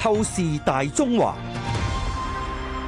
透視大中華，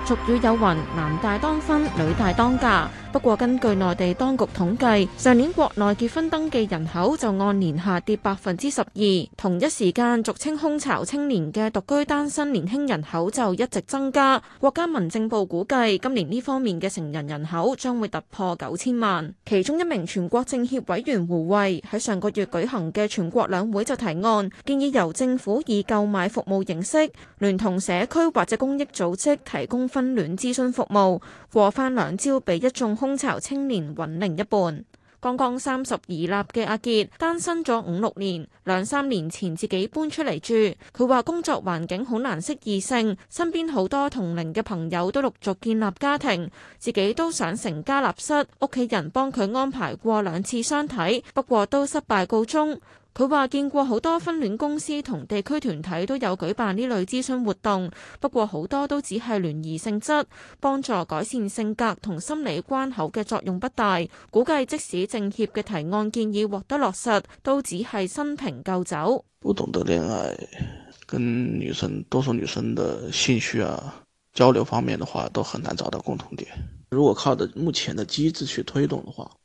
俗語有云：男大當婚，女大當嫁。不過根據內地當局統計，上年國內結婚登記人口就按年下跌百分之十二，同一時間俗稱空巢青年嘅獨居單身年輕人口就一直增加。國家民政部估計今年呢方面嘅成人人口將會突破九千萬。其中一名全國政協委員胡衛喺上個月舉行嘅全國兩會就提案，建議由政府以購買服務形式，聯同社區或者公益組織提供婚戀諮詢服務，過翻兩招俾一眾。空巢青年揾另一半，剛剛三十而立嘅阿杰單身咗五六年，兩三年前自己搬出嚟住。佢話工作環境好難識異性，身邊好多同齡嘅朋友都陸續建立家庭，自己都想成家立室。屋企人幫佢安排過兩次相睇，不過都失敗告終。佢話：見過好多婚戀公司同地區團體都有舉辦呢類諮詢活動，不過好多都只係聯誼性質，幫助改善性格同心理關口嘅作用不大。估計即使政協嘅提案建議獲得落實，都只係新瓶舊酒。不懂得戀愛，跟女生，多數女生的興趣啊，交流方面的話都很難找到共同點。如果靠的目前的機制去推動的話，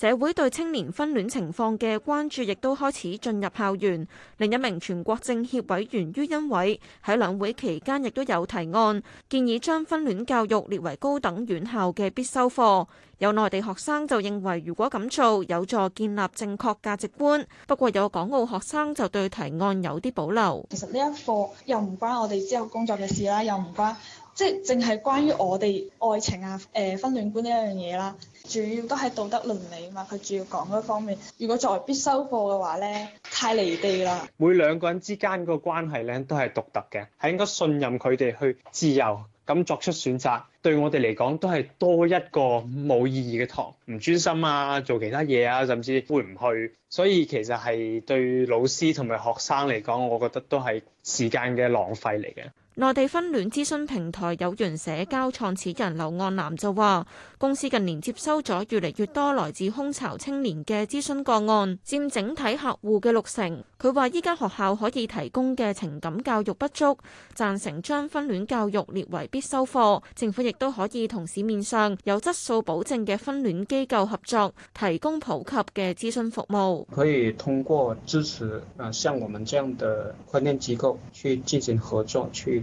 社會對青年婚戀情況嘅關注亦都開始進入校園。另一名全國政協委員于欣偉喺兩會期間亦都有提案，建議將婚戀教育列為高等院校嘅必修課。有內地學生就認為，如果咁做有助建立正確價值觀。不過有港澳學生就對提案有啲保留。其實呢一課又唔關我哋之後工作嘅事啦，又唔關。即係淨係關於我哋愛情啊、誒、呃、婚戀觀呢一樣嘢啦，主要都係道德倫理啊嘛。佢主要講嗰方面。如果作為必修課嘅話咧，太離地啦。每兩個人之間個關係咧，都係獨特嘅，係應該信任佢哋去自由咁作出選擇。對我哋嚟講，都係多一個冇意義嘅堂，唔專心啊，做其他嘢啊，甚至會唔去。所以其實係對老師同埋學生嚟講，我覺得都係時間嘅浪費嚟嘅。內地婚戀諮詢平台有緣社交創始人劉岸南就話，公司近年接收咗越嚟越多來自空巢青年嘅諮詢個案，佔整體客戶嘅六成。佢話依家學校可以提供嘅情感教育不足，贊成將婚戀教育列為必修課。政府亦都可以同市面上有質素保證嘅婚戀機構合作，提供普及嘅諮詢服務。可以通過支持啊，像我們這樣的婚戀機構去進行合作去。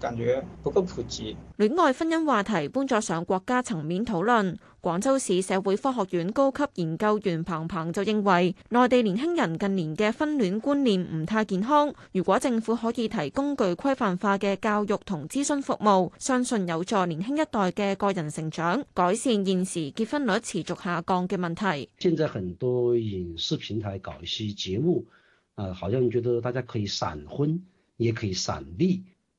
跟住不嗰個及置。戀愛婚姻話題搬咗上國家層面討論。廣州市社會科學院高級研究員彭彭就認為，內地年輕人近年嘅婚戀觀念唔太健康。如果政府可以提供具規範化嘅教育同諮詢服務，相信有助年輕一代嘅個人成長，改善現時結婚率持續下降嘅問題。現在很多影視平台搞一些節目，啊，好像覺得大家可以閃婚，也可以閃離。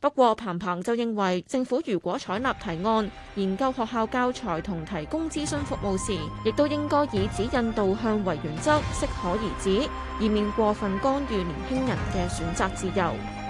不過，彭彭就認為，政府如果採納提案，研究學校教材同提供諮詢服務時，亦都應該以指引導向為原則，適可而止，以免過分干預年輕人嘅選擇自由。